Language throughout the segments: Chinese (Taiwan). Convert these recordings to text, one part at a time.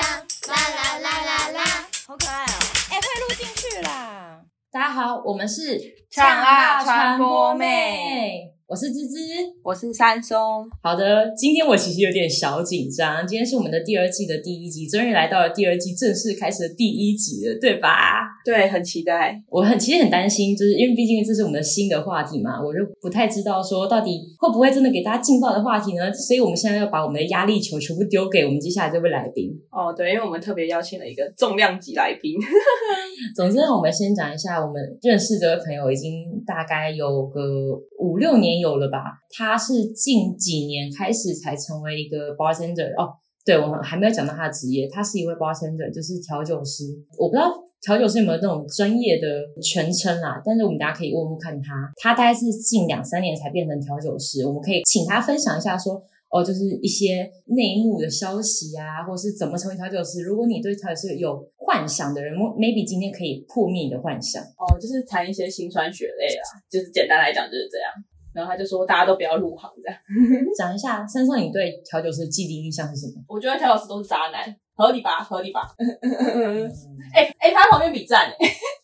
唱啦啦啦啦啦，好可愛哦！欸，會錄進去啦。大家好，我們是嗆辣傳播妹。我是孜孜，我是珊菘。好的，今天我其實有點小緊張。今天是我們的第二季的第一集，終於來到了第二季正式開始的第一集了，對吧？對，很期待。我很其實很擔心，就是因為畢竟這是我們的新的話題嘛，我就不太知道說到底會不會真的給大家勁爆的話題呢？所以我們現在要把我們的壓力球全部丟給我們接下來這位來賓。哦，對，因為我們特別邀請了一個重量級來賓。 總之，我們先講一下，我們認識這位朋友已經大概有個五六年。沒有了吧？他是近幾年開始才成為一個 bartender 哦。對，我們還沒有講到他的職業，他是一位 bartender 就是調酒師。我不知道調酒師有沒有這種專業的全稱啦、啊，但是我們大家可以問問看他。他大概是近兩三年才變成調酒師。我們可以請他分享一下說，說哦，就是一些內幕的消息啊，或是怎麼成為調酒師。如果你對調酒師有幻想的人，maybe 今天可以破滅你的幻想。哦，就是談一些心酸血淚啊，就是簡單來講就是這樣。然後他就說：“大家都不要入行，這樣。”講一下，珊菘，你對調酒師的既定印象是什麼？我覺得調酒師都是渣男，合理吧？合理吧？哎 哎、嗯欸欸，他旁邊比讚。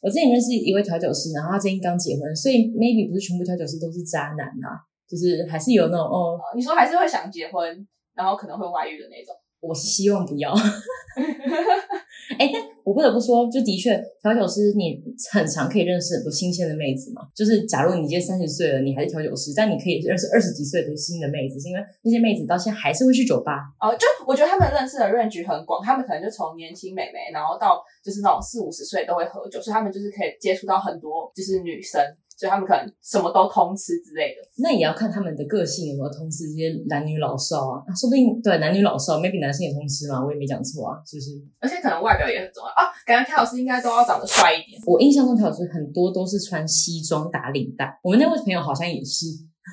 我之前認識一位調酒師，然後他最近剛結婚，所以 maybe 不是全部調酒師都是渣男吶、啊，就是還是有那種哦。嗯 oh，你說還是會想結婚，然後可能會外遇的那種。我是希望不要、 欸，哎，但我不得不說，就的確，調酒師你很常可以認識很多新鮮的妹子嘛。就是假如你已經三十歲了，你還是調酒師，但你可以認識二十幾歲的新的妹子，是因為那些妹子到現在還是會去酒吧。哦，就我覺得他們認識的 range 很廣，他們可能就從年輕美眉，然後到就是那種四五十歲都會喝酒，所以他們就是可以接觸到很多就是女生。所以他們可能什麼都通吃之類的，那也要看他們的個性有沒有通吃這些男女老少啊，啊說不定對男女老少，maybe 男生也通吃嘛，我也沒講錯啊，是不是？而且可能外表也很重要啊，感覺調酒師應該都要長得帥一點。我印象中調酒師很多都是穿西裝打領帶，我們那位朋友好像也是。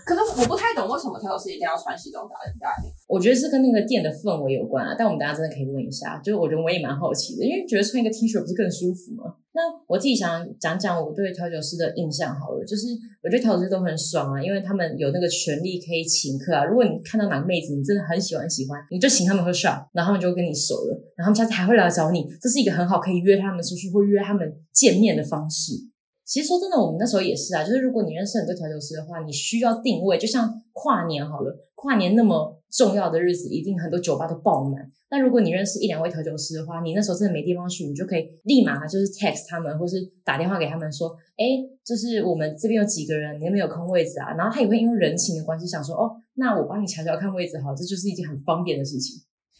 可是我不太懂為什麼調酒師一定要穿西裝打領帶？我覺得是跟那個店的氛圍有關啊。但我們等一下真的可以問一下，就是我覺得我也蠻好奇的，因為覺得穿一個 T 恤不是更舒服嗎？那我自己想講講我對調酒師的印象好了，就是我覺得調酒師都很爽啊，因為他們有那個權利可以請客啊。如果你看到哪個妹子，你真的很喜歡喜歡，你就請他們喝 shot，然後他們就會跟你熟了，然後他們下次還會來找你。這是一個很好可以約他們出去或約他們見面的方式。其實說真的，我們那時候也是啊，就是如果你認識很多調酒師的話，你需要定位，就像跨年好了，跨年那麼重要的日子，一定很多酒吧都爆滿。那如果你認識一兩位調酒師的話，你那時候真的沒地方去，你就可以立馬就是 text 他們，或是打電話給他們說，哎，就是我們這邊有幾個人，你有沒有空位置啊？然後他也會因為人情的關係，想說，哦，那我幫你瞧瞧看位置好了，這就是一件很方便的事情。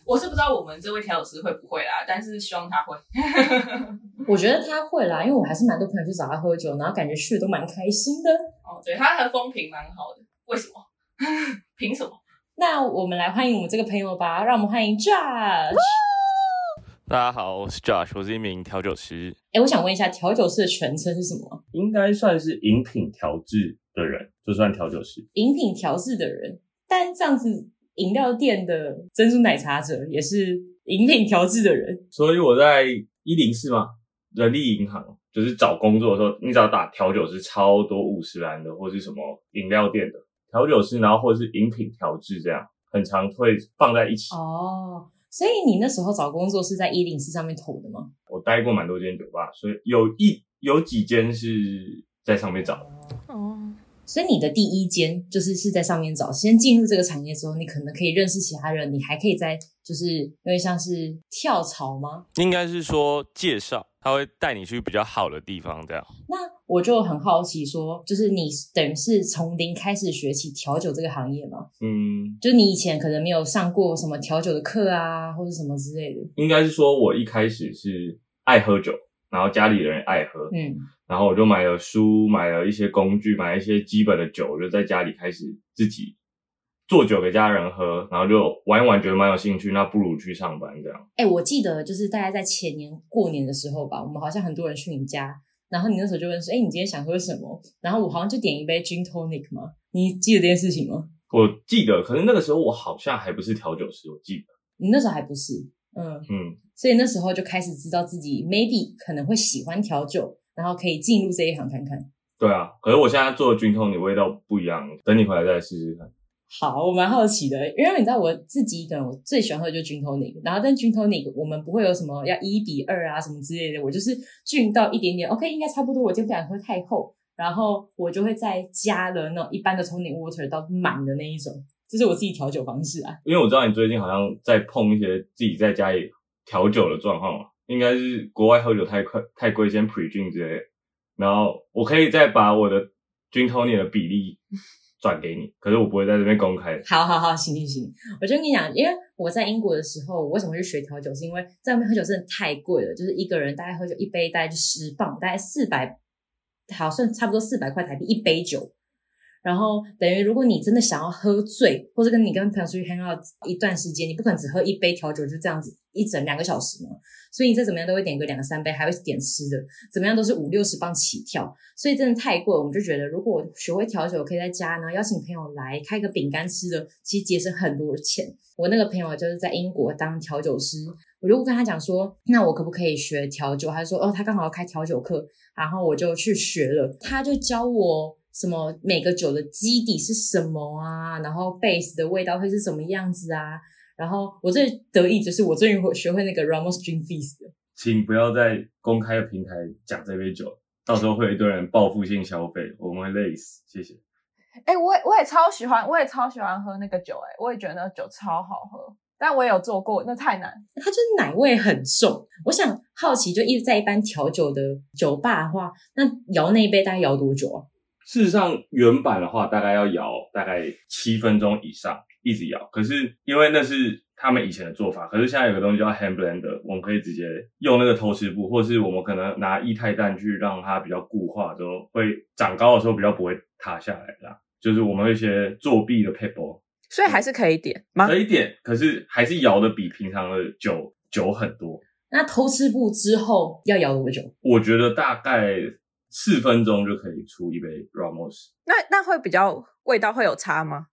我是不知道我們這位調酒師會不會啦，但是希望他會。 我覺得他會啦，因為我們還是蠻多朋友去找他喝酒，然後感覺去的都蠻開心的。哦，對，他和風評蠻好的，為什麼？憑 什麼？那我們來歡迎我們這個朋友吧，讓我們歡迎 Josh。 大家好，我是 Josh，我是一名調酒師。哎、欸，我想問一下，調酒師的全稱是什麼？應該算是飲品調制的人，就算調酒師。飲品調制的人，但這樣子。飲料店的珍珠奶茶者也是飲品調製的人，所以我在一零四嘛，人力銀行就是找工作的時候，你只要打調酒師超多五十藍的，或是什麼飲料店的調酒師，然後或者是飲品調製這樣，很常會放在一起。哦、oh,，所以你那時候找工作是在一零四上面投的嗎？我待過蠻多間酒吧，所以有一有幾間是在上面找的。哦、oh.。所以你的第一間就是是在上面找。先進入這個產業之後，你可能可以認識其他人，你還可以在就是因為像是跳槽嗎？應該是說介紹，他會帶你去比較好的地方這樣。那我就很好奇說，就是你等於是從零開始學起調酒這個行業嗎？嗯，就你以前可能沒有上過什麼調酒的課啊，或者什麼之類的。應該是說我一開始是愛喝酒。然後家裡的人愛喝，嗯，然後我就買了書，買了一些工具，買了一些基本的酒，我就在家裡開始自己做酒給家人喝，然後就玩一玩，覺得蠻有興趣，那不如去上班這樣。欸，我記得就是大概在前年過年的時候吧，我們好像很多人去你家，然後你那時候就問說：“欸，你今天想喝什麼？”然後我好像就點一杯 Gin Tonic 嘛。你記得這件事情嗎？我記得，可是那個時候我好像還不是調酒師，我記得。你那時候還不是。嗯嗯，所以那時候就開始知道自己 maybe 可能會喜歡調酒，然後可以進入這一行看看。對啊，可是我現在做的 Gin Tonic，你味道不一樣。等你回來再試試看。好，我蠻好奇的，因為你知道我自己可能我最喜歡喝的就是 Gin Tonic 那個，然後但 Gin Tonic 那個我們不會有什麼要一比二啊什麼之類的，我就是菌到一點點，OK 應該差不多。我就不敢喝太厚，然後我就會再加了那種一般的從飲 water 到滿的那一種。這是我自己調酒方式啊，因為我知道你最近好像在碰一些自己在家裡調酒的狀況嘛，應該是國外喝酒太快太貴，先普之類的。然後我可以再把我的菌 t o n 的比例轉給你，可是我不會在這邊公開。 好好好，行行行，我就跟你講，因為我在英國的時候，我為什麼去學調酒，是因為在外面喝酒真的太貴了，就是一個人大概喝酒一杯大概就十磅，大概四百，好像差不多四百塊台幣一杯酒。然後等於，如果你真的想要喝醉，或者跟你跟朋友出去 hang out 一段時間，你不可能只喝一杯調酒就這樣子一整兩個小時嘛。所以，你再怎麼樣都會點個兩三杯，還會點吃的，怎麼樣都是五六十磅起跳。所以真的太貴了，我們就覺得，如果我學會調酒，可以在家呢邀請朋友來開個餅乾吃的，其實節省很多錢。我那個朋友就是在英國當調酒師，我如果跟他講說，那我可不可以學調酒？他就說，哦，他剛好要開調酒課，然後我就去學了，他就教我。什麼每個酒的基底是什麼啊？然後 base 的味道會是什麼樣子啊？然後我最得意就是我終於會學會那個 Ramos Gin Fizz，請不要在公開的平台講這杯酒，到時候會有一堆人報復性消費，我們會累死。謝謝。哎、欸，我也我也超喜歡，我也超喜歡喝那個酒。哎、欸，我也覺得那酒超好喝，但我也有做過，那太難，它就是奶味很重。我想好奇，就一直在一般調酒的酒吧的話，那搖那一杯大概搖多久、啊？事實上，原版的話大概要搖大概七分鐘以上，一直搖。可是因為那是他們以前的做法，可是現在有個東西叫 hand blender，我們可以直接用那個偷吃步，或是我們可能拿液態氮去讓它比較固化，之後會長高的時候比較不會塌下來啦。就是我們一些作弊的 people。所以還是可以點嗎？可以點，可是還是搖的比平常的久久很多。那偷吃步之後要搖多久？我覺得大概。四分鐘就可以出一杯 Ramos。那那會比較味道會有差嗎？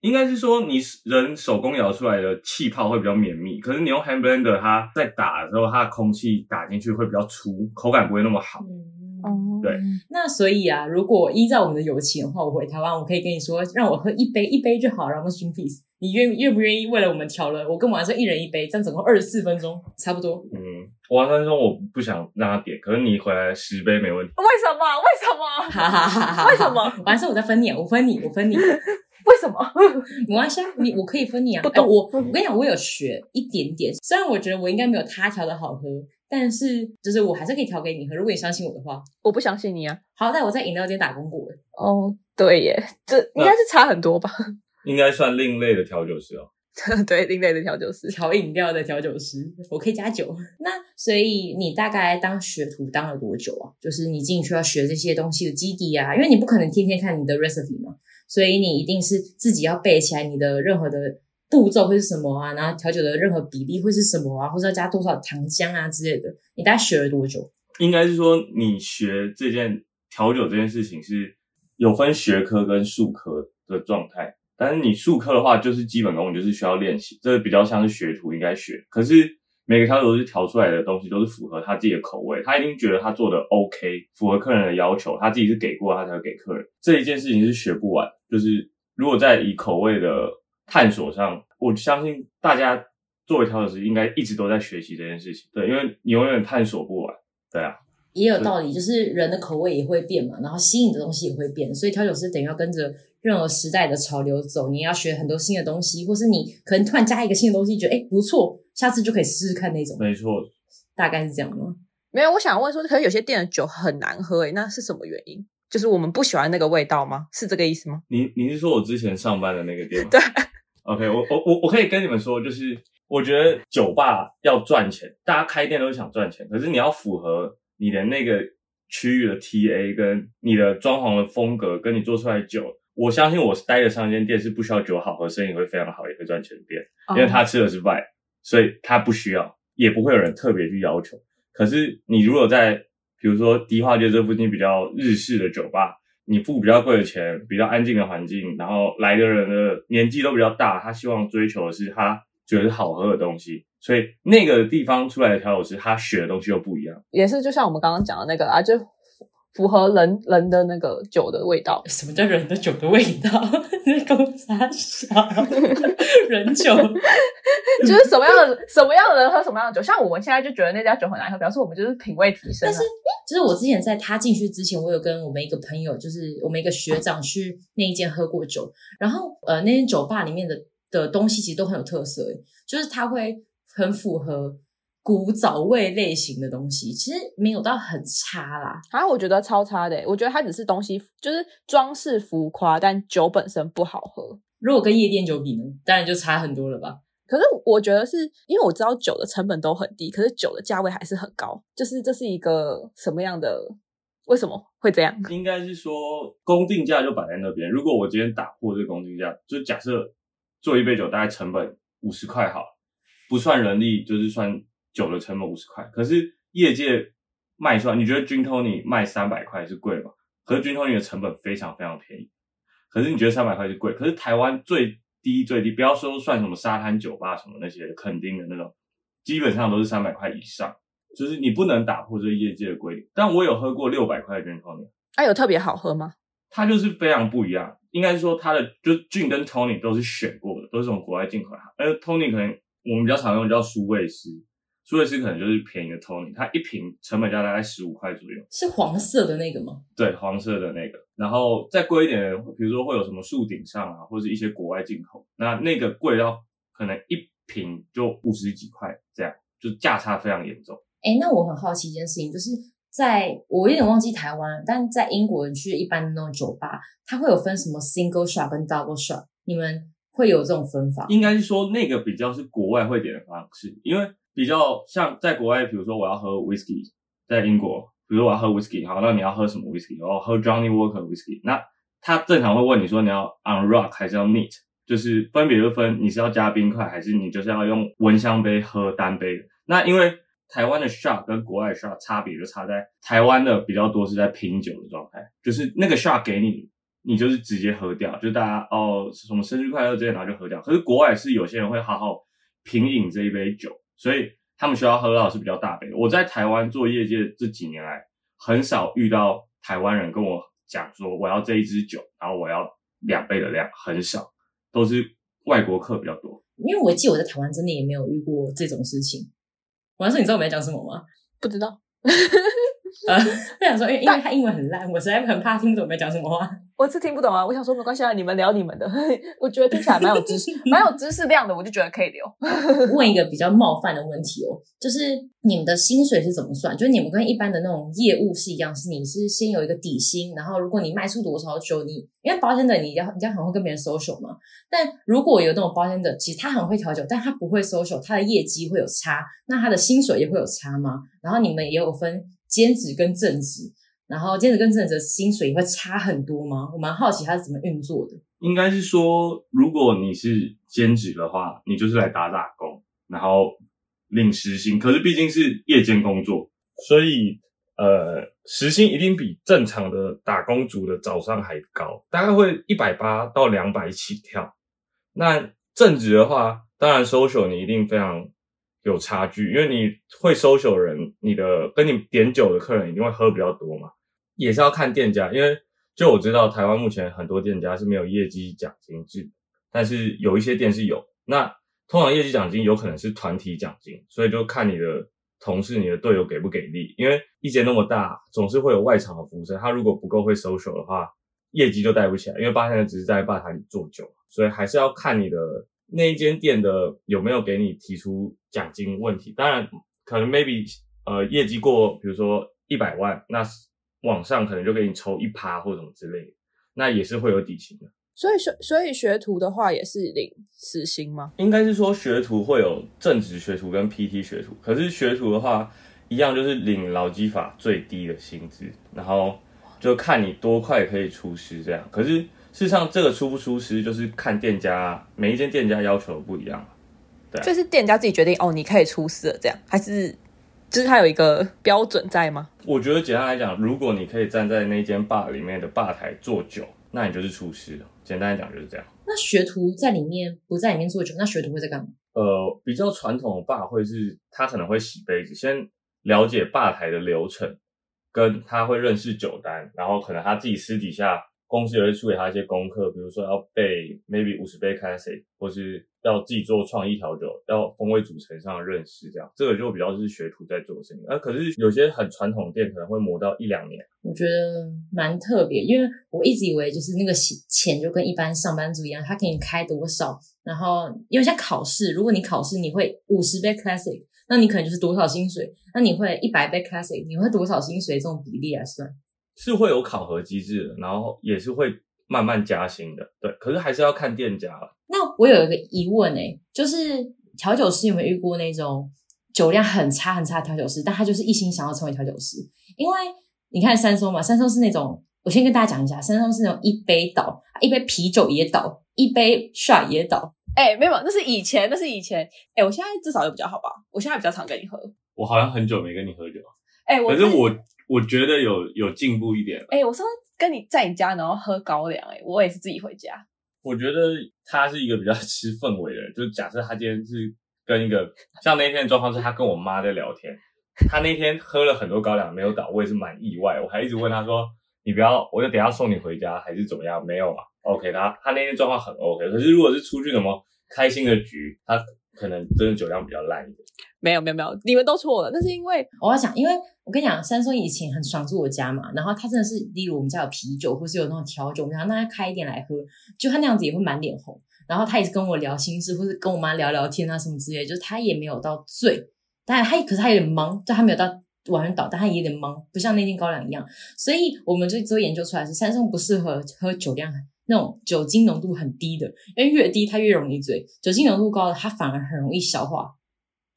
應該是說你人手工搖出來的氣泡會比較綿密，可是你用 Hand Blender 它在打的時候，它的空氣打進去會比較粗，口感不會那麼好。嗯哦、oh，對，那所以啊，如果依照我們的友情的話，我回台灣，我可以跟你說，讓我喝一杯，一杯就好，然後 Gin Fizz，你願願不願意為了我們調了？我跟王生一人一杯，這樣總共二十四分鐘，差不多。嗯，王生說我不想讓他點，可是你回來十杯沒問題。為什麼？為什麼？哈哈哈哈！為什麼？完生，我再分你，啊，我分你，我分你。 為什麼？沒關係，你我可以分你啊。哎、欸，我我跟你講，我有學一點點，雖然我覺得我應該沒有他調的好喝。但是，就是我還是可以調給你喝。如果你相信我的話，我不相信你啊。好歹我在飲料店打工過。哦、oh，對耶，這應該是差很多吧？應該算另類的調酒師哦。 對，另類的調酒師，調飲料的調酒師，我可以加酒。那所以你大概當學徒當了多久啊？就是你進去要學這些東西的基底啊，因為你不可能天天看你的 recipe 嘛，所以你一定是自己要背起來你的任何的。步驟會是什麼啊？然後調酒的任何比例會是什麼啊？或者要加多少糖漿啊之類的？你大概學了多久？應該是說，你學這件調酒這件事情是有分學科跟術科的狀態。但是你術科的話，就是基本功，就是需要練習，這比較像是學徒應該學。可是每個調酒師調出來的東西都是符合他自己的口味，他一定覺得他做的 OK，符合客人的要求，他自己是給過，他才會給客人。這一件事情是學不完，就是如果在以口味的。探索上，我相信大家作為調酒師，應該一直都在學習這件事情。對，因為你永遠探索不完。對啊，也有道理，就是人的口味也會變嘛，然後吸引的東西也會變，所以調酒師等於要跟着任何時代的潮流走，你要學很多新的東西，或是你可能突然加一個新的東西，覺得哎，不錯，下次就可以試試看那種。沒錯，大概是這樣的。沒有，我想問說，可能有些店的酒很難喝欸，那是什麼原因？就是我們不喜歡那個味道嗎？是這個意思嗎？你，你是說我之前上班的那個店嗎？ 對。OK，我我我我可以跟你們說，就是我覺得酒吧要賺錢，大家開店都想賺錢。可是你要符合你的那個區域的 TA 跟你的裝潢的風格，跟你做出來的酒，我相信我待的上一間店是不需要酒好喝，生意會非常好，也會賺錢的店，oh. 因為他吃的是 vibe，所以他不需要，也不會有人特別去要求。可是你如果在比如說迪化街這附近比較日式的酒吧。你付比較貴的錢，比較安靜的環境，然後來的人的年紀都比較大，他希望追求的是他覺得是好喝的東西，所以那個地方出來的調酒師，他選的東西又不一樣，也是就像我們剛剛講的那個啊，就。符合人人的那個酒的味道，什麼叫人的酒的味道？工三小， 人酒就是什麼樣的 什麼樣的人喝什麼樣的酒，像我們現在就覺得那家酒很難喝，表示我們就是品味提升。但是，就是、我之前在他進去之前，我有跟我們一個朋友，就是我們一個學長去那一間喝過酒，然後呃，那間酒吧裡面的的東西其實都很有特色，就是他會很符合。古早味類型的東西，其實沒有到很差啦。啊，我覺得超差的欸。我覺得它只是東西就是裝飾浮誇，但酒本身不好喝。如果跟夜店酒比呢？當然就差很多了吧。可是我覺得是因為我知道酒的成本都很低，可是酒的價位還是很高。就是這是一個什麼樣的？為什麼會這樣？應該是說公定價就擺在那邊。如果我今天打破這個公定價，就假設做一杯酒大概成本五十塊好，不算人力，就是算。酒的成本五十塊，可是業界賣算，你覺得君頭，你賣三百塊是貴嗎？和 o n y 的成本非常非常便宜，可是你覺得三百塊是貴？可是台灣最低最低，不要說算什麼沙灘酒吧什麼那些，肯定的那種，基本上都是三百塊以上。就是你不能打破這業界的規定。但我有喝過六百塊的 o n y，它有特別好喝嗎？它就是非常不一樣。應該是說它的就是 n 跟 Tony 都是選過的，都是從國外進口的。而 Tony 可能我們比較常用叫蘇衛斯。所以斯可能就是便宜的 Tony，它一瓶成本價大概十五塊左右，是黃色的那個嗎？對，黃色的那個，然後再貴一點的，比如說會有什麼樹頂上啊，或是一些國外進口，那那個貴到可能一瓶就五十幾塊這樣，就價差非常嚴重。哎、欸，那我很好奇一件事情，就是在我有點忘記台灣，但在英國人去一般的那種酒吧，它會有分什麼 single shot 跟 double shot，你們會有這種分法？應該是說那個比較是國外會點的方式，因為。比較像在國外，譬如說我要喝 whisky，在英國，比如我要喝 whisky，好,那你要喝什麼 whisky？哦，喝 Johnny Walker whisky。那他正常會問你說你要 on rock 還是要 neat，就是分別就分你是要加冰塊還是你就是要用聞香杯喝單杯的。那因為台灣的 shot 跟國外 shot 差別就差在台灣的比較多是在拼酒的狀態，就是那個 shot 給你，你就是直接喝掉，就大家哦什麼生日快樂之類拿就喝掉。可是國外是有些人會好好品飲這一杯酒。所以他們學校喝到是比較大杯。我在台灣做業界這幾年來，很少遇到台灣人跟我講說我要這一支酒，然後我要兩倍的量，很少，都是外國客比較多。因為我記得我在台灣真的也沒有遇過這種事情。我要說，你知道我在講什麼嗎？不知道。呃 不想說，因為因為他英文很爛，我實在很怕聽懂我在講什麼話。我是聽不懂啊，我想說沒關係啊，你們聊你們的， 我覺得聽起來蠻有知識，蠻 有知識量的，我就覺得可以聊。 問一個比較冒犯的問題哦，就是你們的薪水是怎麼算？就是你們跟一般的那種業務是一樣，是你是先有一個底薪，然後如果你賣出多少酒，你因為 bartender 你要，你要很會跟別人 social 嘛。但如果有那種 bartender，其實他很會調酒，但他不會 social，他的業績會有差，那他的薪水也會有差嗎？然後你們也有分兼職跟正職。然後兼職跟正職的薪水會差很多嗎？我蠻好奇他是怎麼運作的。應該是說，如果你是兼職的話，你就是來打打工，然後領時薪。可是畢竟是夜間工作，所以呃，時薪一定比正常的打工族的早上還高，大概會一百八到兩百起跳。那正職的話，當然 social 你一定非常有差距，因為你會 social 的人，你的跟你點酒的客人一定會喝比較多嘛。也是要看店家，因為就我知道，台灣目前很多店家是沒有業績獎金制，但是有一些店是有。那通常業績獎金有可能是團體獎金，所以就看你的同事、你的隊友給不給力。因為一間那麼大，總是會有外場的服務生，他如果不夠會 social 的話，業績就帶不起來。因為八現在只是在吧台裡做久了，所以還是要看你的那一間店的有沒有給你提出獎金問題。當然，可能 maybe 呃業績過，比如說一百萬，那。網上可能就給你抽一趴或什麼之類的，那也是會有底薪的。所以學所以學徒的話也是領時薪嗎？應該是說，學徒會有正職學徒跟 PT 學徒，可是學徒的話一樣就是領勞基法最低的薪資，然後就看你多快可以出師這樣。可是事實上這個出不出師就是看店家，每一間店家要求的不一樣。對，就是店家自己決定哦，你可以出師了這樣，還是？就是它有一個標準在嗎？我覺得簡單來講，如果你可以站在那間吧裡面的吧台做酒，那你就是出師了。簡單來講就是這樣。那學徒在裡面不在裡面做酒，那學徒會在幹嘛？呃，比較傳統的吧會是他可能會洗杯子，先了解吧台的流程，跟他會認識酒單，然後可能他自己私底下。公司也會出給他一些功課，比如說要背 maybe 五十杯 classic，或是要自己做創意調酒，要風味組成上的認識這樣。這個就比較是學徒在做生意。啊，可是有些很傳統的店可能會磨到一兩年。我覺得蠻特別，因為我一直以為就是那個錢就跟一般上班族一樣，他給你開多少，然後有些考試，如果你考試你會五十杯 classic，那你可能就是多少薪水？那你會一百杯 classic，你會多少薪水？這種比例來，啊，算。是會有考核機制的，然後也是會慢慢加薪的，對。可是還是要看店家了。那我有一個疑問呢、欸，就是調酒師有沒有遇過那種酒量很差很差的調酒師？但他就是一心想要成為調酒師。因為你看珊菘嘛，珊菘是那種，我先跟大家講一下，珊菘是那種一杯倒，一杯啤酒也倒，一杯 shot 也倒。哎、欸，沒有，那是以前，那是以前。哎、欸，我現在至少也比較好吧，我現在比較常跟你喝。我好像很久沒跟你喝酒，哎、欸，可是我。我覺得有有進步一點。哎、欸，我上次跟你在你家，然後喝高粱，欸，哎，我也是自己回家。我覺得他是一個比較吃氛圍的人，就假設他今天是跟一個像那天的狀況，是他跟我媽在聊天。 他那天喝了很多高粱，沒有倒，我也是蠻意外。我還一直問他說：“欸、你不要，我就等下送你回家，還是怎麼樣？”沒有啊，OK。他他那天狀況很 OK，可是如果是出去什麼開心的局，他可能真的酒量比較爛一點。沒有沒有沒有，你們都錯了。那是因為我要想，因為。我跟你講，珊菘以前很常住我家嘛，然後他真的是，例如我們家有啤酒或是有那種調酒，然後讓他開一點來喝，就他那樣子也會滿臉紅。然後他也是跟我聊心事，或是跟我媽聊聊天啊什麼之類的，就是他也沒有到醉，但他也，可是他有點茫，就他沒有到完全倒，但他也有點茫，不像那天高粱一樣。所以我們最終研究出來是，珊菘不適合喝酒量那種酒精濃度很低的，因為越低他越容易醉，酒精濃度高的他反而很容易消化。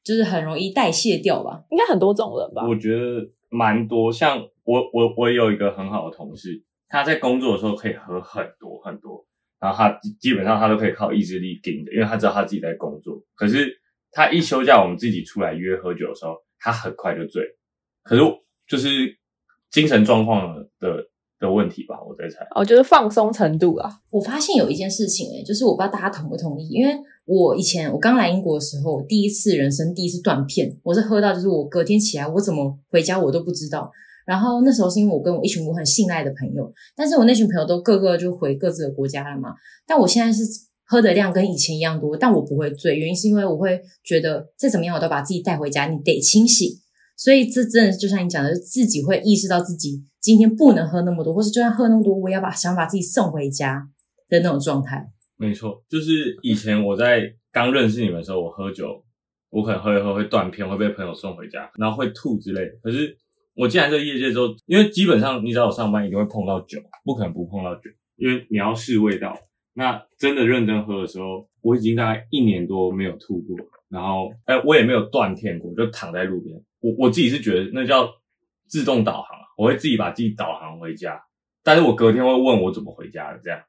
就是很容易代謝掉吧，應該很多這種人吧？我覺得蠻多，像我我我也有一個很好的同事，他在工作的時候可以喝很多很多，然後他基本上他都可以靠意志力頂的，因為他知道他自己在工作。可是他一休假，我們自己出來約喝酒的時候，他很快就醉。可是就是精神狀況的的的問題吧，我在猜。哦，就是放鬆程度啊。我發現有一件事情，欸，哎，就是我不知道大家同不同意，因為。我以前我剛來英國的時候，第一次人生第一次斷片，我是喝到就是我隔天起來，我怎麼回家我都不知道。然後那時候是因為我跟我一群我很信賴的朋友，但是我那群朋友都各個，就回各自的國家了嘛。但我現在是喝的量跟以前一樣多，但我不會醉，原因是因為我會覺得再怎麼樣我都把自己帶回家，你得清醒。所以這真的就像你講的，自己會意識到自己今天不能喝那麼多，或是就算喝那麼多，我也要把想把自己送回家的那種狀態。沒錯，就是以前我在剛認識你們的時候，我喝酒，我可能喝一喝會斷片，會被朋友送回家，然後會吐之類的。可是我進來這個業界之後，因為基本上你只要我上班一定會碰到酒，不可能不碰到酒，因為你要試味道。那真的認真喝的時候，我已經大概一年多沒有吐過，然後，哎，我也沒有斷片過，就躺在路邊。我我自己是覺得那叫自動導航，我會自己把自己導航回家，但是我隔天會問我怎麼回家的這樣，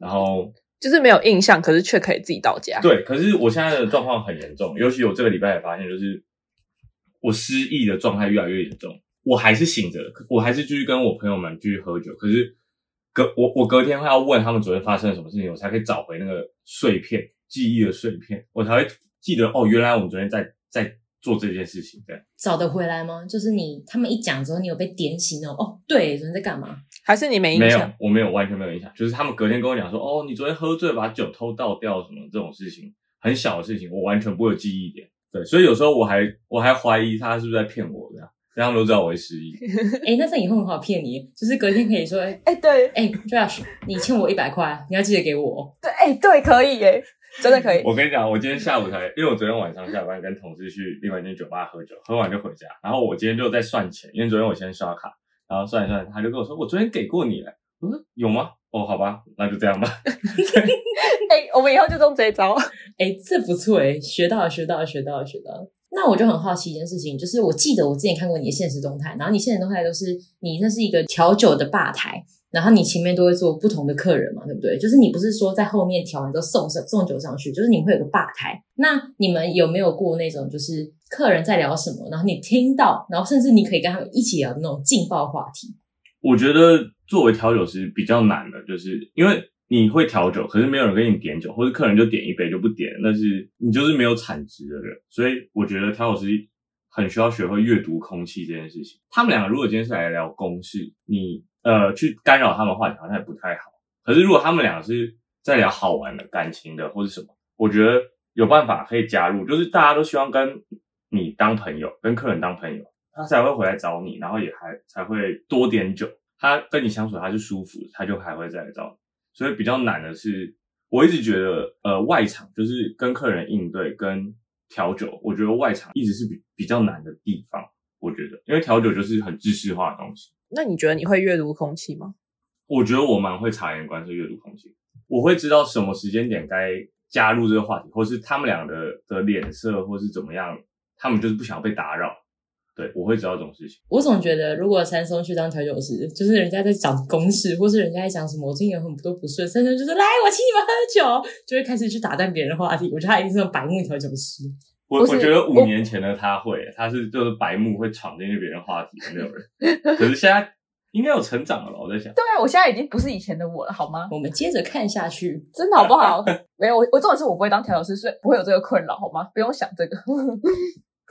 然後。就是沒有印象，可是卻可以自己到家。對，可是我現在的狀況很嚴重，尤其我這個禮拜也發現，就是我失憶的狀態越來越嚴重。我還是醒着，我還是繼續跟我朋友們繼續喝酒，可是隔我我隔天會要問他們昨天發生了什麼事情，我才可以找回那個碎片，記憶的碎片，我才會記得哦，原來我們昨天在在做這件事情。對。這樣找得回來嗎？就是你他們一講之後，你有被點醒哦？哦，對，昨天在幹嘛？還是你沒印象？沒有，我沒有，完全沒有印象，就是他們隔天跟我講說：“哦，你昨天喝醉，把酒偷倒掉什麼這種事情，很小的事情，我完全不會有記憶點。”對，所以有時候我還我還懷疑他是不是在騙我，這樣，他們都知道我會失憶。誒、 欸，那這以後很好騙你，就是隔天可以說：“誒、欸，對，哎、欸，Josh，你欠我一百塊，你要記得給我。”對，誒，對，可以，誒。真的可以。我跟你講，我今天下午才，因為我昨天晚上下班跟同事去另外一間酒吧喝酒，喝完就回家。然後我今天就在算錢，因為昨天我先刷卡。然後算一算了，他就跟我說，我昨天給過你了。我、嗯、有嗎？哦，好吧，那就這樣吧。哎、 欸，我們以後就用這一招。哎、欸，這不錯。哎、欸，學到了學到了學到了學到了。那我就很好奇一件事情，就是我記得我之前看過你的限時動態，然後你限時動態都是你，那是一個調酒的吧台，然後你前面都會坐不同的客人嘛，對不對？就是你不是說在後面調完之後送上、送酒上去，就是你們會有個吧台。那你們有沒有過那種就是？客人在聊什麼，然後你聽到，然後甚至你可以跟他們一起聊的那種勁爆話題。我覺得作為調酒師比較難的，就是因為你會調酒，可是沒有人給你點酒，或是客人就點一杯就不點，但是你就是沒有產值的人。所以我覺得調酒師很需要學會閱讀空氣這件事情。他們兩個如果今天是來聊公事，你呃去干擾他們的話題，那也不太好。可是如果他們兩個是在聊好玩的、感情的或是什麼，我覺得有辦法可以加入，就是大家都希望跟。你當朋友，跟客人當朋友，他才會回來找你，然後也還才會多點酒。他跟你相處，他是舒服，他就還會再來找你。所以比較難的是，我一直覺得，呃，外場就是跟客人應對、跟調酒，我覺得外場一直是比比較難的地方。我覺得，因為調酒就是很知識化的東西。那你覺得你會閱讀空氣嗎？我覺得我蠻會察言觀色、閱讀空氣。我會知道什麼時間點該加入這個話題，或是他們倆的的臉色，或是怎麼樣，他們就是不想被打擾，對，我會知道這種事情。我總覺得，如果珊菘去當調酒師，就是人家在講公事，或是人家在講什麼最近有很多不順，珊菘就是來，我請你們喝酒，就會開始去打斷別人話題。我覺得他一定是白目調酒師。我我覺得五年前的他會，他是就是白目會闖進去別人話題那種人。可是現在應該有成長了，我在想。 對啊，我現在已經不是以前的我了，好嗎？我們接着看下去， 真的好不好？ 沒有，我我這種事我不會當調酒師，所以不會有這個困擾，好嗎？不用想這個。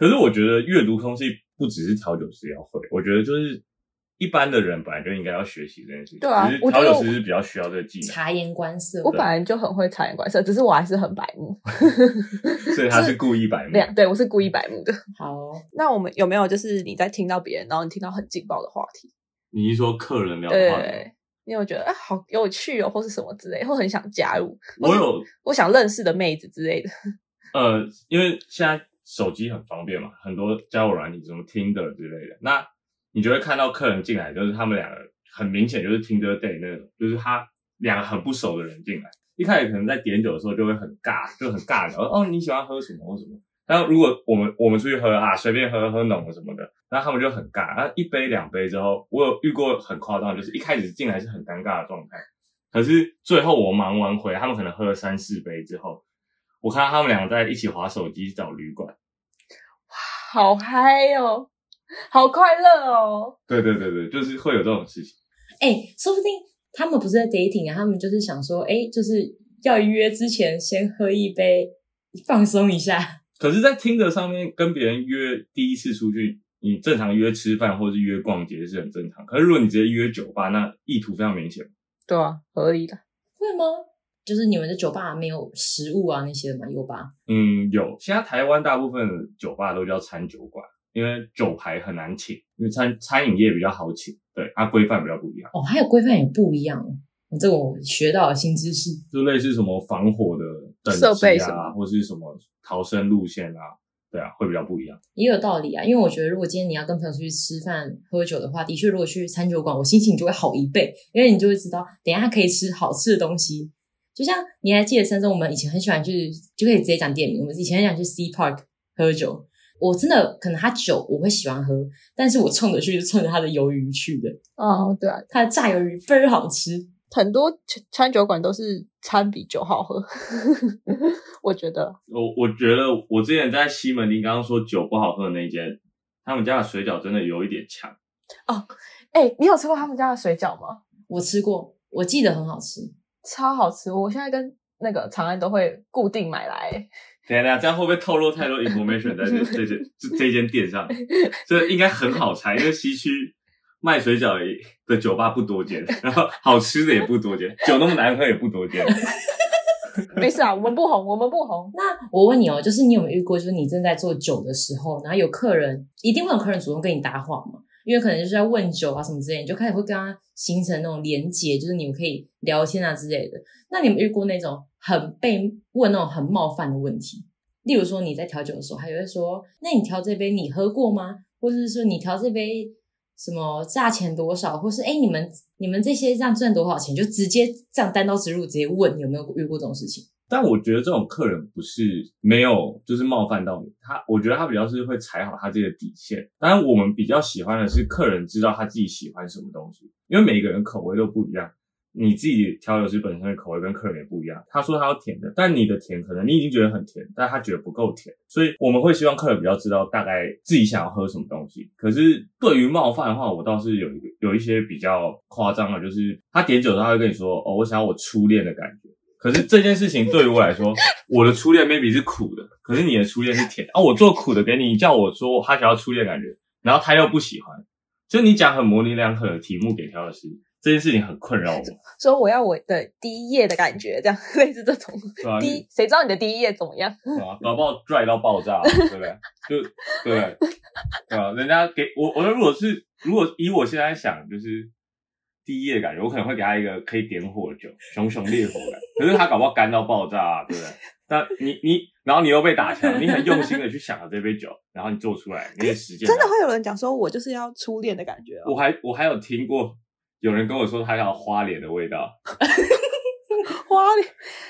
可是我覺得閱讀空氣不只是調酒師要會，我覺得就是一般的人本來就應該要學習這件事情。對啊，調酒師是比較需要這個技能，察言觀色。我本來就很會察言觀色，只是我還是很白目， 所以他是故意白目，就是沒有。對，我是故意白目的。好，那我們有沒有就是你在聽到別人，然後你聽到很勁爆的話題？你是說客人聊的話題？你有覺得哎、啊，好有趣哦，或是什麼之類，或很想加入？我有，我想認識的妹子之類的。呃，因為現在。手機很方便嘛，很多交友軟件，什麼聽的之類的。那你就會看到客人進來，就是他們兩個很明顯就是聽 n day 那種，就是他兩個很不熟的人進來，一開始可能在點酒的時候就會很尬，就很尬的，哦，你喜歡喝什麼或什麼。然後如果我們我們出去喝啊，隨便喝喝濃什麼的，那他們就很尬。啊一杯兩杯之後，我有遇過很誇張，就是一開始進來是很尷尬的狀態，可是最後我忙完回來，他們可能喝了三四杯之後。我看到他們兩個在一起滑手機找旅館，好嗨哦、喔，好快樂哦、喔！對對對對，就是會有這種事情。哎、欸，說不定他們不是在 dating 啊，他們就是想說，哎、欸，就是要約之前先喝一杯，放鬆一下。可是，在 Tinder 上面跟別人約第一次出去，你正常約吃飯或是約逛街是很正常，可是如果你直接約酒吧，那意圖非常明顯。對啊，合理的，會嗎？就是你們的酒吧沒有食物啊那些的嗎？有吧？嗯，有。現在台灣大部分的酒吧都叫餐酒館，因為酒牌很難請，因為餐餐飲業比較好請。對，它規範比較不一樣哦，還有規範也不一樣哦。這我學到了新知識，就類似什麼防火的等、啊、設備啊，或是什麼逃生路線啊，對啊，會比較不一樣。也有道理啊，因為我覺得如果今天你要跟朋友出去吃飯喝酒的話，的確如果去餐酒館，我心情就會好一倍，因為你就會知道等一下可以吃好吃的東西。就像你還記得，深圳我們以前很喜歡，去，就可以直接講店名。我們以前很想去 Sea Park 喝酒，我真的可能他酒我會喜歡喝，但是我衝着去就衝着他的魷魚去的。哦，oh，對啊，他的炸魷魚非常好吃。很多餐酒館都是餐比酒好喝， 我覺得。我我覺得我之前在西門町剛剛說酒不好喝的那一間，他們家的水餃真的有一點強。哦，哎，你有吃過他們家的水餃嗎？我吃過，我記得很好吃。超好吃！我現在跟那個長安都會固定買來，欸。等下等下，這樣會不會透露太多 information 在這 這這這間店上？這應該很好猜，因為西區賣水餃的酒吧不多間，然後好吃的也不多間， 酒那麼難喝也不多間。 沒事啊，我們不紅，我們不紅。那我問你哦，就是你有沒有遇過，就是你正在做酒的時候，然後有客人，一定會有客人主動跟你搭話嗎？因為可能就是要問酒啊什麼之類的，你就開始會跟他形成那種連結，就是你們可以聊天啊之類的。那你們遇過那種很被問那種很冒犯的問題，例如說你在調酒的時候，有人說，那你調這杯你喝過嗎？或者是，是說你調這杯。什麼價錢多少，或是哎、欸、你們你們這些讓賺多少錢？就直接這樣單刀直入，直接問有沒有遇過這種事情？但我覺得這種客人不是沒有，就是冒犯到你，他我覺得他比較是會踩好他自己的底線。當然我們比較喜歡的是客人知道他自己喜歡什麼東西，因為每一個人口味都不一樣。你自己調酒師本身的口味跟客人也不一樣，他說他要甜的，但你的甜可能你已經覺得很甜，但他覺得不夠甜，所以我們會希望客人比較知道大概自己想要喝什麼東西。可是對於冒犯的話，我倒是有一個有一些比較誇張的，就是他點酒的時候他會跟你說哦，我想要我初戀的感覺。可是這件事情對於我來說，我的初戀 maybe 是苦的，可是你的初戀是甜啊、哦，我做苦的給你，你叫我說他想要初戀感覺，然後他又不喜歡，就你講很模稜兩可的題目給調酒師。這件事情很困擾我。說我要我的第一頁的感覺，這樣類似這種。第一、啊，誰知道你的第一頁怎麼樣？啊，搞不好拽到爆炸，對不對？就對，啊，人家給我，我說如果是，如果以我現在想，就是第一頁感覺，我可能會給他一個可以點火的酒，熊熊烈火的感覺。可是他搞不好乾到爆炸，對不對？那你你，然後你又被打槍，你很用心的去想了這杯酒，然後你做出來，你的時間真的會有人講說，我就是要初戀的感覺哦。我還我還有聽過。有人跟我說他要花蓮的味道， 花蓮，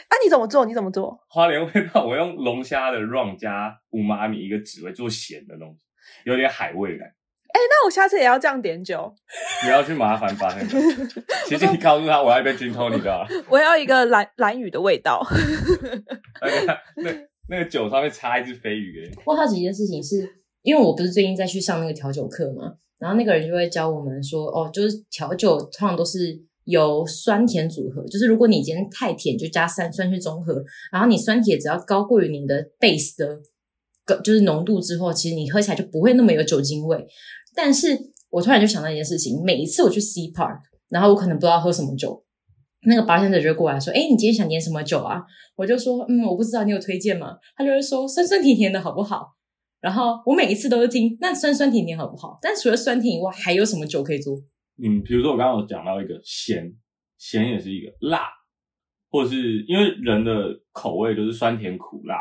那、啊、你怎麼做？你怎麼做？花蓮味道，我用龍蝦的 run 加五媽咪一個指味做鹹的東西，有點海味感。哎、欸，那我下次也要這樣點酒。你要去麻煩八 其實你告訴他我要一杯琴通，你知道嗎？ 我要一個藍藍魚的味道。 那那個酒上面插一隻飛魚、欸、我哇，好奇一件事情是，是因為我不是最近在去上那個調酒課嗎？然後那個人就會教我們說，哦，就是調酒通常都是由酸甜組合，就是如果你今天太甜，就加酸酸去中和。然後你酸甜只要高過於你的 base 的，就是濃度之後，其實你喝起來就不會那麼有酒精味。但是我突然就想到一件事情，每一次我去 C Park，然後我可能不知道喝什麼酒，那個保險者就過來說，哎，你今天想點什麼酒啊？我就說，嗯，我不知道，你有推薦嗎？他就會說，酸酸甜甜的好不好？然後我每一次都是聽那酸酸甜甜好不好？但除了酸甜以外，還有什麼酒可以做？嗯，比如說我剛剛有講到一個鹹，鹹也是一個辣，或是因為人的口味都是酸甜苦辣。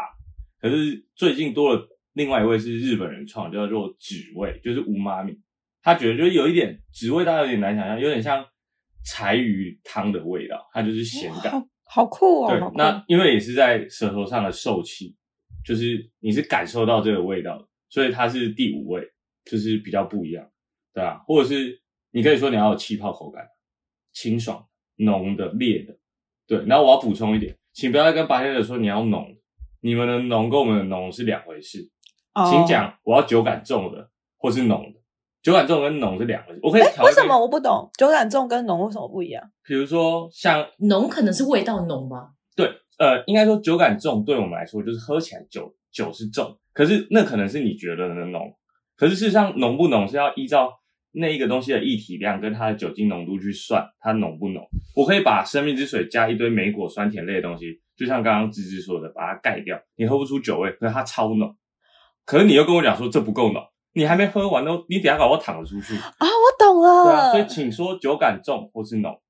可是最近多了另外一味是日本人創的，叫做旨味，就是烏媽米。他覺得就有一點旨味，大家有點難想象有點像柴魚湯的味道，它就是鹹感，好酷哦！對，那因為也是在舌頭上的受器。就是你是感受到這個味道的，所以它是第五味，就是比較不一樣，對吧？或者是你可以說你要有氣泡口感，清爽、濃的、烈的，對。然後我要補充一點，請不要再跟吧台的說你要濃，你們的濃跟我們的濃是兩回事。Oh. 請講，我要酒感重的，或是濃的，酒感重跟濃是兩回事。我可以調、欸。為什麼我不懂酒感重跟濃為什麼不一樣？比如說像濃，可能是味道濃吧。呃，應該說酒感重對我們來說就是喝起來酒酒是重，可是那可能是你覺得的濃，可是事實上濃不濃是要依照那一個東西的液體量跟它的酒精濃度去算它濃不濃。我可以把生命之水加一堆莓果酸甜類的東西，就像剛剛孜孜說的，把它蓋掉，你喝不出酒味，可是它超濃，可是你又跟我講說這不夠濃，你還沒喝完都，你等下把我躺吐出去啊！我懂了，對啊，所以請說酒感重或是濃。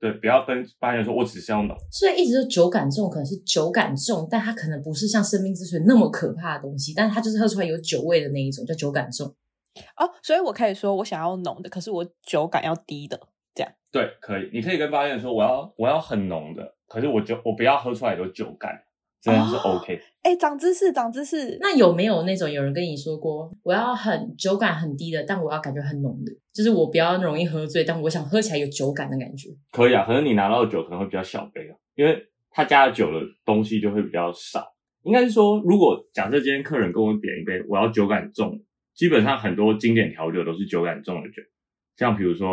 對，不要跟發言人說，我只是要濃。所以一直說酒感重，可能是酒感重，但它可能不是像生命之水那麼可怕的東西，但是它就是喝出來有酒味的那一種，叫酒感重。哦，所以我可以說我想要濃的，可是我酒感要低的，這樣。對，可以，你可以跟發言人說，我要我要很濃的，可是我酒我不要喝出來有酒感。真的是 OK，哎、哦欸，長知識，長知識。那有沒有那種有人跟你說過，我要很酒感很低的，但我要感覺很濃的，就是我不要容易喝醉，但我想喝起來有酒感的感覺？可以啊，可能你拿到的酒可能會比較小杯啊，因為他加了酒的東西就會比較少。應該是說，如果假設今天客人跟我點一杯，我要酒感重，基本上很多經典調酒都是酒感重的酒，像比如說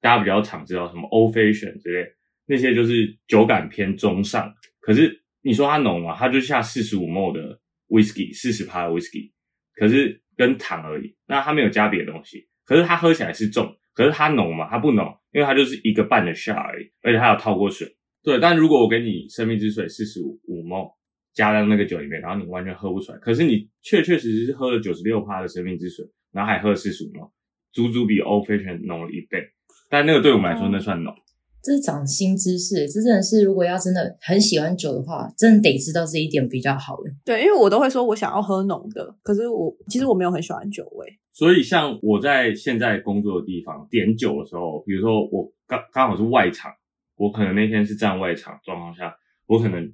大家比較常知道什麼 Old Fashioned 之類，那些就是酒感偏中上，可是。你說它濃嘛，它就是下四十五摩的 whiskey，四十趴的 whiskey，可是跟糖而已。那它沒有加別的東西，可是它喝起來是重，可是它濃嘛，它不濃，因為它就是一個半的 shot 而已，而且它有掏過水。對，但如果我給你生命之水四十五摩加在那個酒裡面，然後你完全喝不出來，可是你確確實實是喝了九十六趴的生命之水，然後還喝了四十五摩，足足比 Old Fashioned 濃了一倍。但那個對我們來說，那算濃。嗯這是掌心知識，這真的是如果要真的很喜歡酒的話，真的得知道這一點比較好了。對，因為我都會說，我想要喝濃的，可是我其實我沒有很喜歡酒味。所以像我在現在工作的地方點酒的時候，比如說我剛剛好是外場，我可能那天是站外場狀況下，我可能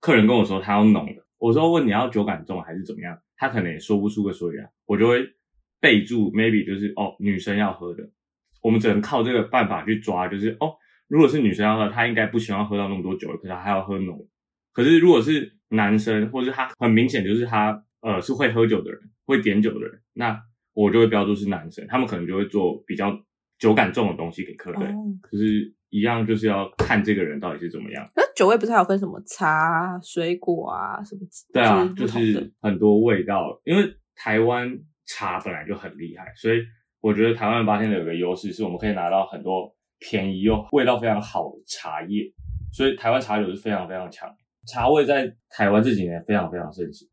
客人跟我說他要濃的，我說問你要酒感重還是怎麼樣，他可能也說不出個所以然，我就會備注 maybe 就是哦，女生要喝的，我們只能靠這個辦法去抓，就是哦。如果是女生的話，她應該不喜歡喝到那麼多酒，可是她還要喝濃。可是如果是男生，或者是他很明顯就是他呃是會喝酒的人，會點酒的人，那我就會標注是男生。他們可能就會做比較酒感重的東西給客人。哦、可是一樣，就是要看這個人到底是怎麼樣。那酒味不是還有分什麼茶、水果啊什麼？對啊、就是，就是很多味道。因為台灣茶本來就很厲害，所以我覺得台灣八天的有個優勢是，我們可以拿到很多。便宜又味道非常好的茶葉，所以台灣茶酒是非常非常強。茶味在台灣這幾年非常非常盛行，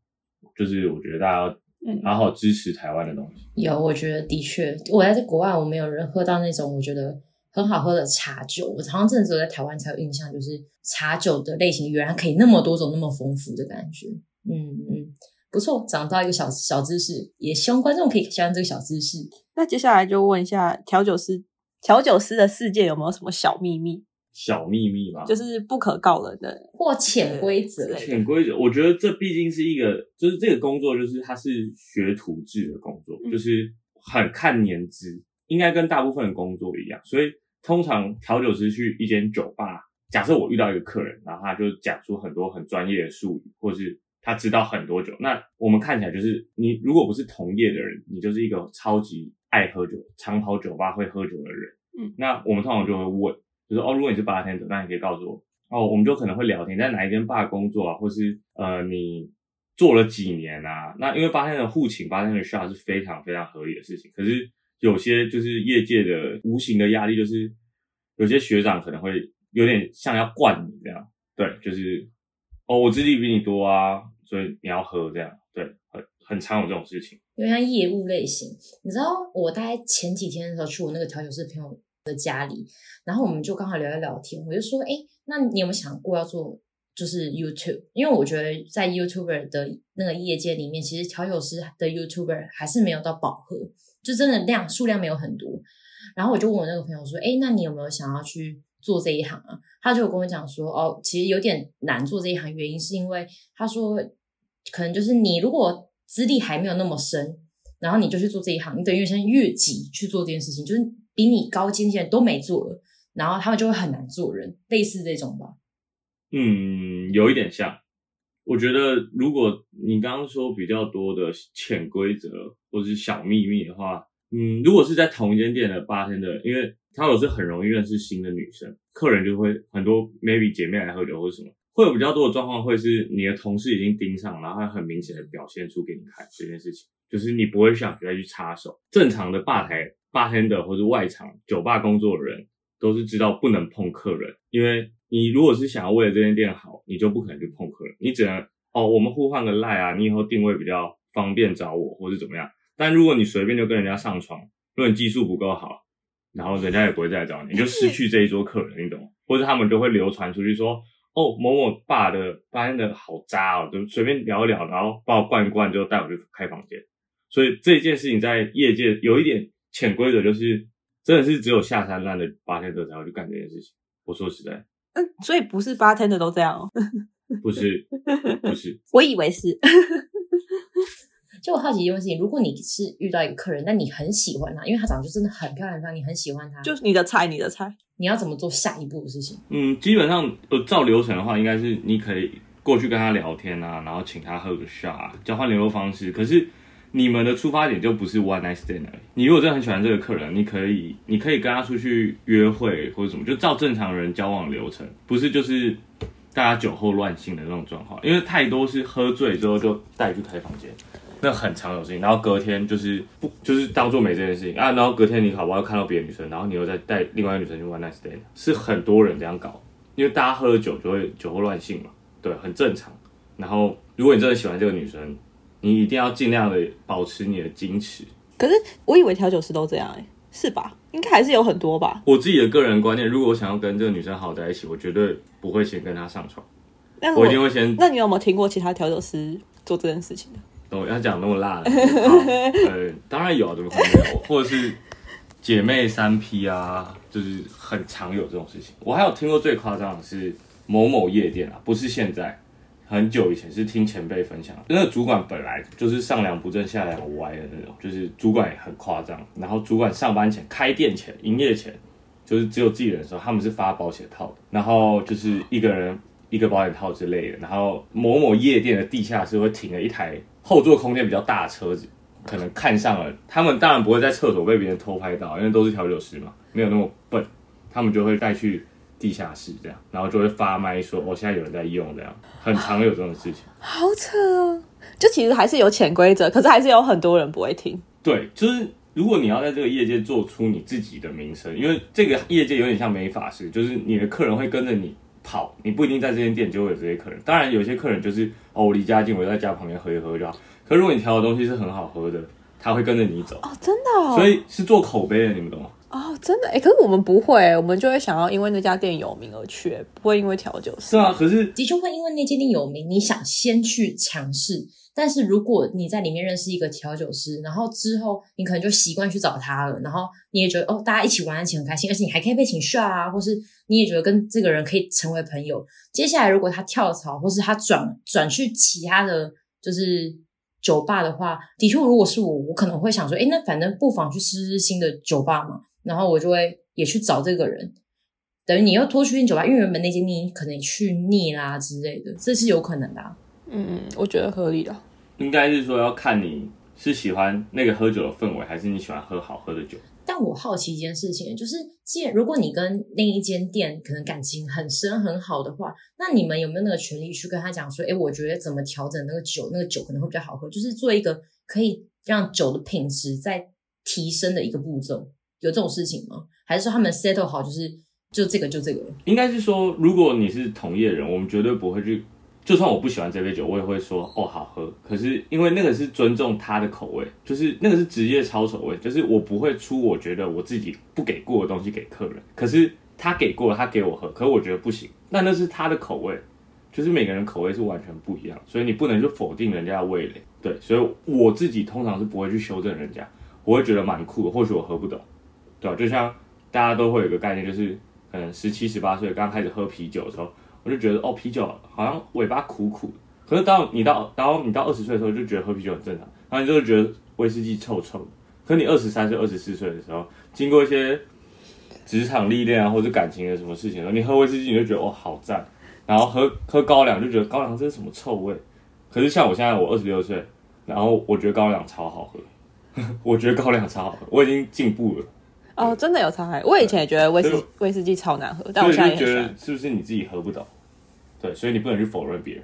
就是我覺得大家要嗯好好支持台灣的東西。有，我覺得的確，我在這國外，我沒有人喝到那種我覺得很好喝的茶酒。我好像真的只有在台灣才有印象，就是茶酒的類型原來可以那麼多種，那麼豐富的感覺。嗯嗯，不錯，長到一個小小知識，也希望觀眾可以喜歡這個小知識。那接下來就問一下調酒師。調酒師的世界有沒有什麼小秘密？小秘密嗎？就是不可告人的，或潛規則。潛規則，我覺得這畢竟是一個，就是這個工作，就是它是學徒制的工作，就是很看年資，應該跟大部分的工作一樣。所以通常調酒師去一間酒吧，假設我遇到一個客人，然後他就講出很多很專業的術語，或是他知道很多酒，那我們看起來就是你如果不是同業的人，你就是一個超級。愛喝酒，常跑酒吧、會喝酒的人，嗯，那我們通常就會問，就是哦，如果你是 Bartender，那你可以告訴我哦，我們就可能會聊天，在哪一間 bar 工作啊，或是呃，你做了幾年啊？那因為 Bartender 的互請、Bartender 的 shot 是非常非常合理的事情，可是有些就是業界的無形的壓力，就是有些學長可能會有點像要灌你這樣，對，就是哦，我資歷比你多啊，所以你要喝這樣，對，喝。很常有這種事情，因為它業務類型，你知道，我大概前幾天的時候去我那個調酒師朋友的家裡，然後我們就剛好聊一聊天，我就說，哎、欸，那你有沒有想過要做就是 YouTube？因為我覺得在 YouTuber 的那個業界裡面，其實調酒師的 YouTuber 還是沒有到飽和，就真的量數量沒有很多。然後我就問我那個朋友說，哎、欸，那你有沒有想要去做這一行啊？他就跟我講說，哦，其實有點難做這一行，原因是因為他說，可能就是你如果。資歷還沒有那麼深，然後你就去做這一行，你等於先越級去做這件事情，就是比你高階的人都沒做了，然後他們就會很難做人，類似這種吧？嗯，有一點像。我覺得，如果你剛剛說比較多的潛規則或者是小秘密的話，嗯，如果是在同一間店的吧台的，因為他都是很容易認識新的女生，客人就會很多，maybe 姐妹來喝酒或什麼。會有比較多的狀況，會是你的同事已經盯上，然後他很明顯的表現出給你看這件事情，就是你不會想再去插手。正常的吧台、bartender 的，或是外場酒吧工作的人，都是知道不能碰客人，因為你如果是想要為了這間店好，你就不可能去碰客人。你只能哦，我們互換個 LINE 啊，你以後定位比較方便找我，或是怎麼樣。但如果你隨便就跟人家上床，如果你技術不夠好，然後人家也不會再找你，你就失去這一桌客人，你懂嗎？ 或者他們都會流傳出去說。哦、oh，某某爸的 bartender 好渣哦，就隨便聊一聊，然後把我灌一灌，就帶我去開房間。所以這件事情在業界有一點潛規則，就是真的是只有下三濫的 bartender 才會去幹這件事情。我說實在，嗯，所以不是 bartender 都這樣。哦，不是， 不是， 我以為是。 就我好奇一件事情，如果你是遇到一個客人，但你很喜歡他，因為他長得真的很漂亮，讓你很喜歡他，就是你的菜，你的菜。你要怎麼做下一步的事情？嗯，基本上呃，照流程的話，應該是你可以過去跟他聊天啊，然後請他喝個 shot 啊，交換聯絡方式。可是你們的出發點就不是 one night stand 而已。你如果真的很喜歡這個客人，你可以你可以跟他出去約會或者什麼，就照正常人交往流程，不是就是大家酒後亂性的那種狀況。因為太多是喝醉之後就帶去開房間。那很常有事情，然後隔天就是不就是當做沒這件事情啊，然後隔天你好不好看到別的女生，然後你又再帶另外一個女生去 one night stand，是很多人這樣搞，因為大家喝了酒就會酒後亂性嘛，對，很正常。然後如果你真的喜歡這個女生，你一定要盡量的保持你的矜持。可是我以為調酒師都這樣哎、欸，是吧？應該還是有很多吧。我自己的個人觀念，如果我想要跟這個女生好在一起，我絕對不會先跟她上床，我一定會先。那你有沒有聽過其他調酒師做這件事情的？都要講那麼辣的？呃、嗯，當然有這個環節，或者是姐妹三 P 啊，就是很常有這種事情。我還有聽過最誇張的是某某夜店啊，不是現在，很久以前是聽前輩分享，那個主管本來就是上梁不正下梁很歪的那種，就是主管也很誇張。然後主管上班前、開店前、營業前，就是只有自己人的時候，他們是發保險套的，然後就是一個人一個保險套之類的。然後某某夜店的地下室會停了一台，後座空間比較大的車子，可能看上了他們，當然不會在廁所被別人偷拍到，因為都是調酒師嘛，沒有那麼笨，他們就會帶去地下室這樣，然後就會發麥說哦，現在有人在用這樣，很常有這種事情。好扯哦，就其實還是有潛規則，可是還是有很多人不會聽。對，就是如果你要在這個業界做出你自己的名聲，因為這個業界有點像美髮師，就是你的客人會跟着你。跑，你不一定在這間店就會有這些客人。當然，有些客人就是哦，我離家近，我就在家旁邊喝一喝就好。可是如果你調的東西是很好喝的，他會跟着你走哦，真的哦。所以是做口碑的，你們懂嗎？哦，真的。誒、欸、可是我們不會，我們就會想要因為那家店有名而去，不會因為調酒。是啊，可是的確會因為那間店有名，你想先去嘗試。但是如果你在裡面認識一個調酒師，然後之後你可能就習慣去找他了，然後你也覺得哦，大家一起玩一起很開心，而且你還可以被請 shot 啊，或是你也覺得跟這個人可以成為朋友。接下來如果他跳槽，或是他轉轉去其他的，就是酒吧的話，的確如果是我，我可能會想說，誒、欸，那反正不妨去試試新的酒吧嘛，然後我就會也去找這個人，等於你要拖出一間酒吧，因為原本那間你可能也去膩啦、啊、之類的，這是有可能的、啊。嗯，我覺得合理的。應該是說要看你是喜歡那個喝酒的氛圍，還是你喜歡喝好喝的酒。但我好奇一件事情，就是既然如果你跟另一間店可能感情很深很好的話，那你們有沒有那個權利去跟他講說，哎、欸，我覺得怎麼調整那個酒，那個酒可能會比較好喝，就是做一個可以讓酒的品質再提升的一個步驟，有這種事情嗎？還是說他們 settle 好，就是就這個就這個？這個應該是說，如果你是同業人，我們絕對不會去。就算我不喜歡這杯酒，我也會說哦，好喝。可是因為那個是尊重他的口味，就是那個是職業操守味，就是我不會出我覺得我自己不給過的東西給客人。可是他給過了，他給我喝，可是我覺得不行。那那是他的口味，就是每個人口味是完全不一樣，所以你不能就否定人家的味蕾。對，所以我自己通常是不會去修正人家，我會覺得蠻酷的。或許我喝不懂，對吧、啊？就像大家都會有一個概念，就是嗯，十七十八歲剛開始喝啤酒的時候。我就覺得哦，啤酒好像尾巴苦苦。可是當你到，然後你到二十歲的時候，就覺得喝啤酒很正常。然後你就會覺得威士忌臭臭的。可是你二十三歲、二十四歲的時候，經過一些職場歷練啊，或者感情的什麼事情，你喝威士忌你就覺得哦，好讚。然後喝喝高粱就覺得高粱這是什麼臭味。可是像我現在，我二十六歲，然後我覺得高粱超好喝。呵呵，我覺得高粱超好喝，我已經進步了。哦，真的有差哎！我以前也覺得威斯威士忌超難喝，但我現在也覺得是不是你自己喝不懂？對，所以你不能去否認別人。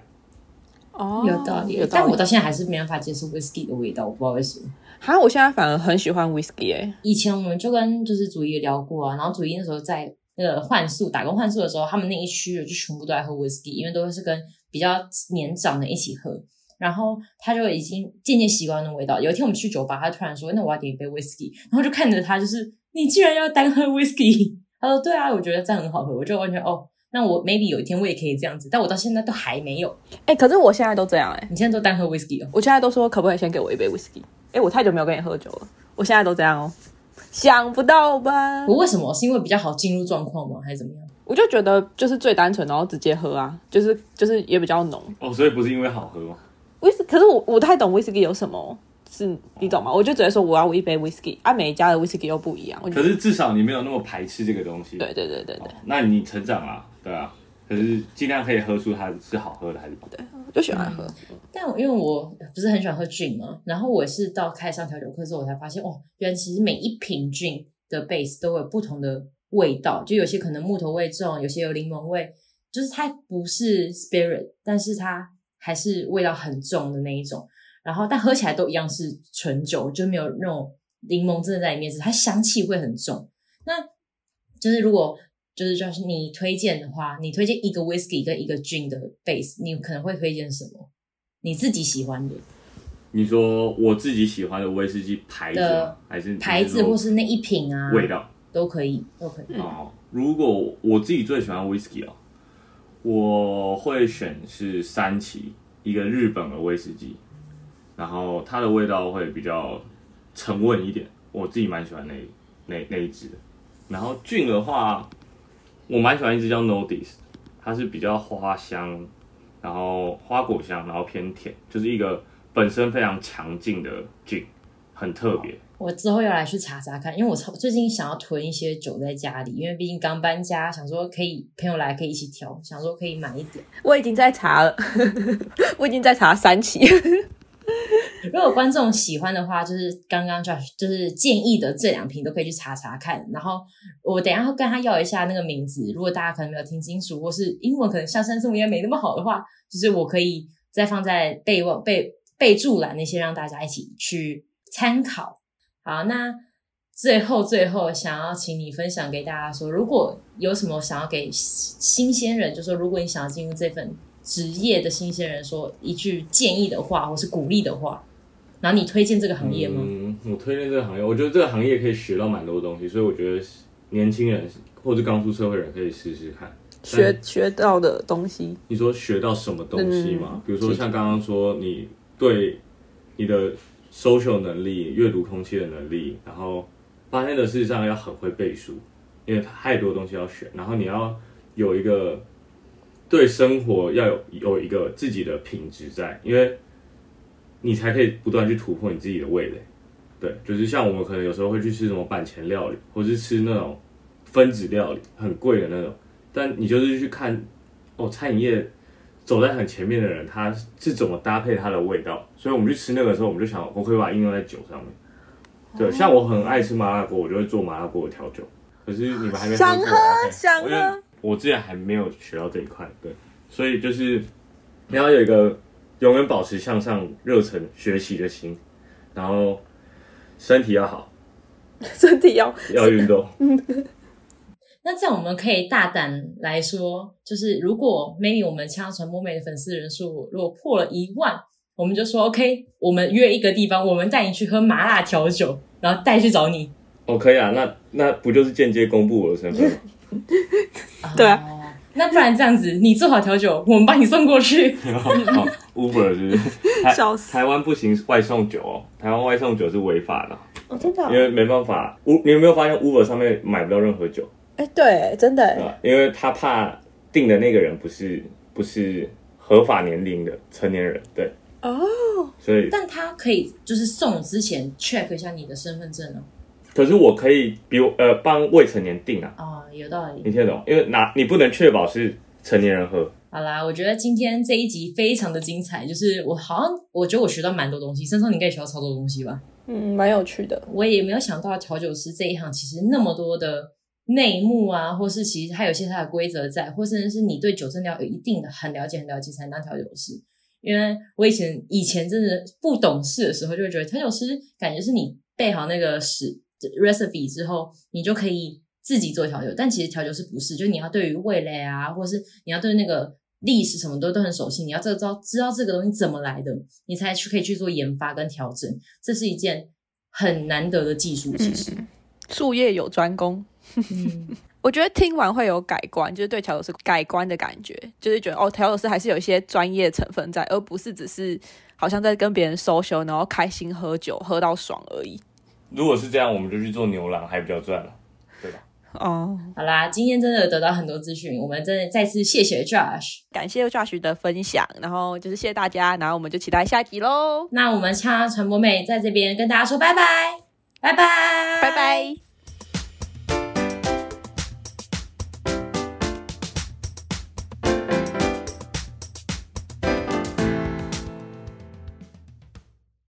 哦，有道理，但我到現在還是沒辦法接受威士忌的味道，我不知道為什麼。哈，我現在反而很喜歡威士忌誒。以前我們就跟就是祖一聊過啊，然後祖一那時候在那個換宿打工換宿的時候，他們那一區就全部都在喝威士忌，因為都是跟比較年長的一起喝。然後他就已經漸漸習慣那味道。有一天我們去酒吧，他突然說：“那我要點一杯威士忌。”然後就看着他，就是。你居然要單喝威士忌他說：“對啊，我覺得這樣很好喝，我就完全哦，那我 maybe 有一天我也可以這樣子，但我到現在都還沒有。哎、欸，可是我現在都這樣哎、欸，你現在都單喝威士忌我現在都說可不可以先給我一杯威士忌哎，我太久沒有跟你喝酒了，我現在都這樣哦，想不到吧？我為什麼？是因為比較好進入狀況嗎？還是怎麼樣？我就覺得就是最單純，然後直接喝啊，就是就是也比較濃哦，所以不是因為好喝嗎？威士，可是我我太懂威士忌有什麼？”是你懂嗎？哦、我就只會說，我要我一杯 whiskey，啊，每一家的 whiskey 又不一樣。可是至少你沒有那麼排斥這個東西。對對對對對。哦、那你成長了、啊，對啊。可是盡量可以喝出它是好喝的還是不？對，就喜歡喝。嗯、但因為我不是很喜歡喝 Gin 嘛，n 然後我是到開上調酒課之後，我才發現，哇、哦，原來其實每一瓶 Gin n 的 base 都有不同的味道，就有些可能木頭味重，有些有檸檬味，就是它不是 spirit，但是它還是味道很重的那一種。然後，但喝起來都一樣是純酒，就沒有那種檸檬真的在裡面，是它香氣會很重。那，就是如果就是就是你推薦的話，你推薦一個 whisky 跟一個 gin 的 base，你可能會推薦什麼？你自己喜歡的。你說我自己喜歡的威士忌牌子，還是牌子或是那一瓶啊。味道都可以，都可以。嗯。如果我自己最喜歡 whisky 哦、啊，我會選是山崎，一個日本的威士忌。然後它的味道會比較沉穩一點，我自己蠻喜歡那那那一支的。然後琴的話，我蠻喜歡一支叫 Nordes，它是比較花香，然後花果香，然後偏甜，就是一個本身非常強勁的琴。很特別。我之後要來去查查看，因為我最近想要囤一些酒在家裡，因為畢竟剛搬家，想說可以朋友來可以一起調，想說可以買一點。我已經在查了，呵呵我已經在查三期。 如果觀眾喜歡的話，就是剛剛 Josh 就是建議的這兩瓶都可以去查查看。然後我等一下跟他要一下那個名字，如果大家可能沒有聽清楚，或是英文可能像珊菘爺沒那麼好的話，就是我可以再放在備忘備備注欄那些，讓大家一起去參考。好，那最後最後想要請你分享給大家說，如果有什麼想要給新鮮人，就是、說如果你想要進入這份。職業的新鮮人說一句建議的話，或是鼓勵的話，然後你推薦這個行業嗎？嗯，我推薦這個行業，我覺得這個行業可以學到蠻多東西，所以我覺得年輕人或者剛出社會人可以試試看。學學到的東西，你說學到什麼東西嗎？嗯，比如說像剛剛說，你對你的 social 能力、閱讀空氣的能力，然後發現的事實上要很會背書，因為太多東西要學，然後你要有一個。對生活要有有一個自己的品質在，因為你才可以不斷去突破你自己的味蕾。對，就是像我們可能有時候會去吃什麼板前料理，或是吃那種分子料理，很貴的那種。但你就是去看哦，餐飲業走在很前面的人，他是怎麼搭配他的味道。所以我們去吃那個時候，我們就想我可以把它應用在酒上面。對，哦，像我很愛吃麻辣鍋，我就會做麻辣鍋的調酒。可是你們還沒想喝，想喝。我之前還沒有學到這一塊，對，所以就是你要有一個永遠保持向上熱、熱忱學習的心，然後身體要好，身體要要運動。嗯， 那這樣我們可以大膽來說，就是如果 maybe 我們嗆辣傳播妹的粉絲人數如果破了一萬，我們就說 OK，我們約一個地方，我們帶你去喝麻辣調酒，然後帶去找你。OK 啊，那那不就是間接公布我的身份？ 對、啊，uh, 那不然這樣子， 你做好調酒，我們幫你送過去。 oh, oh, Uber 就是，是，台灣 不行外送酒哦，台灣外送酒是違法的。哦、oh,，真的、哦？因為沒辦法，你有沒有發現 Uber 上面買不到任何酒？哎、欸，對，真的。因為他怕定的那個人不是不是合法年齡的成年人，對。哦、oh,，所以，但他可以就是送之前 check 一下你的身份證哦。可是我可以比如呃幫未成年定啊？啊、oh，有道理。你聽得懂？因為哪你不能確保是成年人喝。好啦，我覺得今天這一集非常的精彩，就是我好像我覺得我學到蠻多東西，甚至你可以學到超多東西吧？嗯，蠻有趣的。我也沒有想到調酒師這一行其實那麼多的內幕啊，或是其實還有一些它的規則在，或甚至是你對酒蒸調有一定的很了解、很了解才能當調酒師。因為我以前以前真的不懂事的時候，就會覺得調酒師感覺是你備好那個屎 recipe 之後，你就可以自己做調酒。但其實調酒師不是，就你要對於味蕾啊，或者是你要對那個歷史什麼都都很熟悉。你要這個知道，知道這個東西怎麼來的，你才去可以去做研發跟調整。這是一件很難得的技術，其實術業、嗯、有專攻。 我覺得聽完會有改觀，就是對調酒師改觀的感覺，就是覺得哦，調酒師還是有一些專業成分在，而不是只是好像在跟別人 social，然後開心喝酒，喝到爽而已。如果是這樣，我們就去做牛郎還比較賺了，對吧？哦、oh.，好啦，今天真的有得到很多資訊，我們真的再次謝謝 Josh，感謝 Josh 的分享，然後就是謝謝大家，然後我們就期待下一集嘍。那我們嗆辣傳播妹在這邊跟大家說拜拜，拜拜，拜拜。Bye bye。